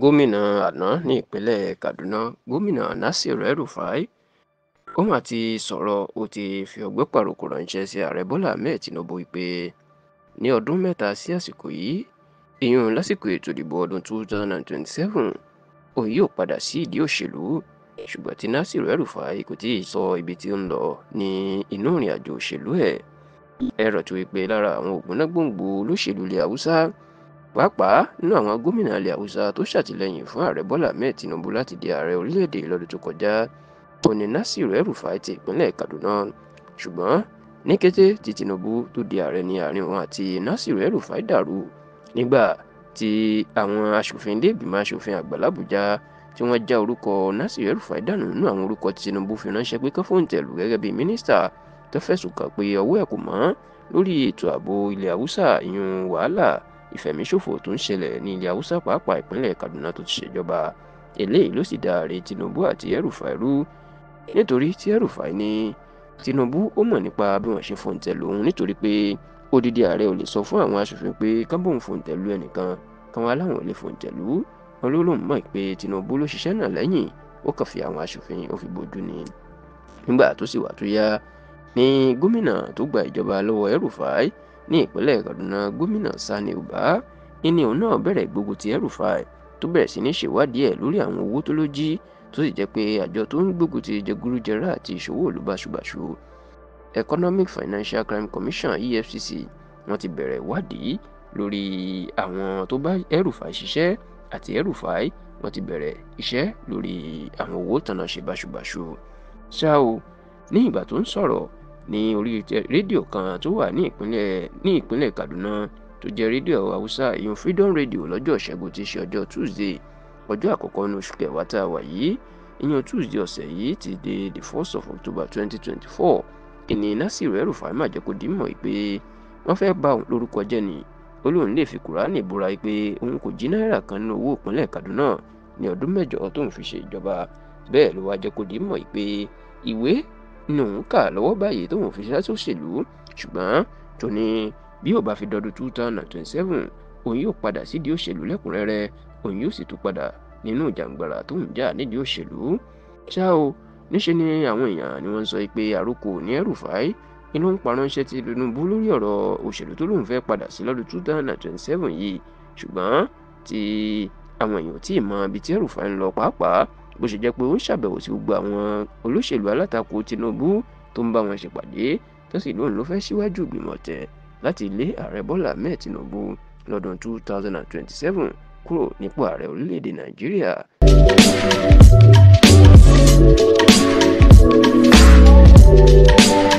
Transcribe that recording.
gómìnà àná ní ìpínlẹ̀ Kaduna gómìnà Nasir El-Rufai ó mà ti sọ̀rọ̀ ó ti fi ọgbẹ́ pàrokò ránṣẹ́ sí ààrẹ Bọ́lá Ahmed Tinubu pé ní ọdún mẹ́ta sí àsìkò yìí ìyún lásìkò ètò ìdìbò ọdún 2027 òun yóò padà sí ìdí òṣèlú ṣùgbọ́n tí Nasir El-Rufai kò tí ì sọ ibi tí ó ń lọ ní inú ìrìn àjò òṣèlú ẹ̀ ẹ̀rọ tó wípé lára àwọn ògbónágbòǹgbò olóṣèlú ilẹ̀ Haúsá pàápàá nínú àwọn gómìnà ilẹ̀ haúsá tó ṣàtìlẹ́yìn fún ààrẹ bọ́lá ahmed tinubu láti di ààrẹ orílẹ̀-èdè lọ́dún tó kọjá òní nasiru el-rufai ti ìpínlẹ̀ kaduna ṣùgbọ́n ní kété tí tinubu tó di ààrẹ ní àárín òun àti nasiru el-rufai dàrú nígbà tí àwọn aṣòfin iléègbìmọ̀ aṣòfin àgbà làbújá tí wọ́n já orúkọ nasiru el-rufai dànù nínú àwọn orúkọ tí tinubu fi ránṣẹ́ pé kán gẹ́gẹ́ ìfẹ̀míṣòfò tó ń ṣẹlẹ̀ ní ilẹ̀ haúsá pàápàá ìpínlẹ̀ kaduna tó ti ṣèjọba eléyìí ló sì dá ààrẹ tinubu àti El-Rufai rú nítorí tí El-Rufai ní tinubu ó mọ̀ nípa bí wọ́n ṣe fòǹtẹ̀ lòun nítorí pé odidi ààrẹ ò lè sọ fún àwọn aṣòfin pé kábòun fòǹtẹ̀ lu ẹnìkan káwọn aláwọn ò lè fòǹtẹ̀ lu wọn ló lóun mọ̀ pé tinubu ló ṣiṣẹ́ náà lẹ́yìn ó kàn fi àwọn aṣòfin ó fi bojú ni nígbà tó sì wà tó yá ní gómìnà tó gba ìjọba lọ́wọ́ el ní ìpínlẹ̀ Kaduna gómìnà Sani Uba ní òun náà bẹ̀rẹ̀ ìgbógun ti El-Rufai tó bẹ̀rẹ̀ sí ní ṣèwádìí ẹ̀ lórí àwọn owó tó ló jí tó sì jẹ́ pé àjọ tó ń gbógun ti jẹgúrújẹrá àti ìṣòwò ìlú báṣubàṣu Economic Financial Crime Commission EFCC wọ́n ti bẹ̀rẹ̀ ìwádìí lórí àwọn tó bá erufai rufai ṣiṣẹ́ àti El-Rufai wọ́n ti bẹ̀rẹ̀ iṣẹ́ lórí àwọn owó tọ̀nà ṣe báṣubàṣu ṣá o ní ìgbà tó ń sọ̀rọ̀ ní orí rédíò kan tó wà ní ìpínlẹ̀ ní ìpínlẹ̀ Kaduna tó jẹ́ rédíò Haúsá ìyún Freedom Radio lọ́jọ́ Ìṣẹ́gun tí ṣe ọjọ́ Tuesday ọjọ́ àkọ́kọ́ ní oṣù kẹwàá tá a wà yìí ìyún Tuesday ọ̀sẹ̀ yìí ti di the first of October twenty twenty four ìní Nasir El-Rufai má jẹ́ kó di mọ̀ pé wọ́n fẹ́ bà òun lórúkọ jẹ́ ni ó lè fi Kùránì búra pé òun kò jí náírà kan nínú owó ìpínlẹ̀ Kaduna ní ọdún mẹ́jọ tóun fi ṣe ìjọba bẹ́ẹ̀ ló wá jẹ́ kó di mọ̀ pé ìwé inú òun kà lọ́wọ́ báyìí tóun fi ṣáṣó ṣèlú ṣùgbọ́n tó ní bí ò bá fi dọdún two thousand and twenty oh seven òun yóò padà sídìí òṣèlú lẹ́kùnrẹ́rẹ́ òun yóò sì tún padà nínú ìjàngbara tóun jà nídìí òṣèlú ṣá o níṣe ni àwọn èèyàn ni wọ́n sọ pé àròkò ní ẹrùfàáì inú ń paránṣẹ́ ti Tinubu lórí ọ̀rọ̀ òṣèlú tó lóun fẹ́ padà sí lọ́dún two thousand and twenty oh seven yìí ṣùgbọ́n ti, àwọn èèyàn tí ì mọ ibi tí ẹrùfàáì ń lọ pàápàá bó ṣe jẹ́ pé ó ń ṣàbẹ̀wò sí gbogbo àwọn olóṣèlú alátakò Tinubu tó ń bá wọn ṣèpàdé tó sì lóun ló fẹ́ síwájú ìgbìmọ̀ tẹ̀ láti lé ààrẹ Bọ́lá Ahmed Tinubu lọ́dún 2027 kúrò nípò ààrẹ orílẹ̀-èdè Nàìjíríà. thank you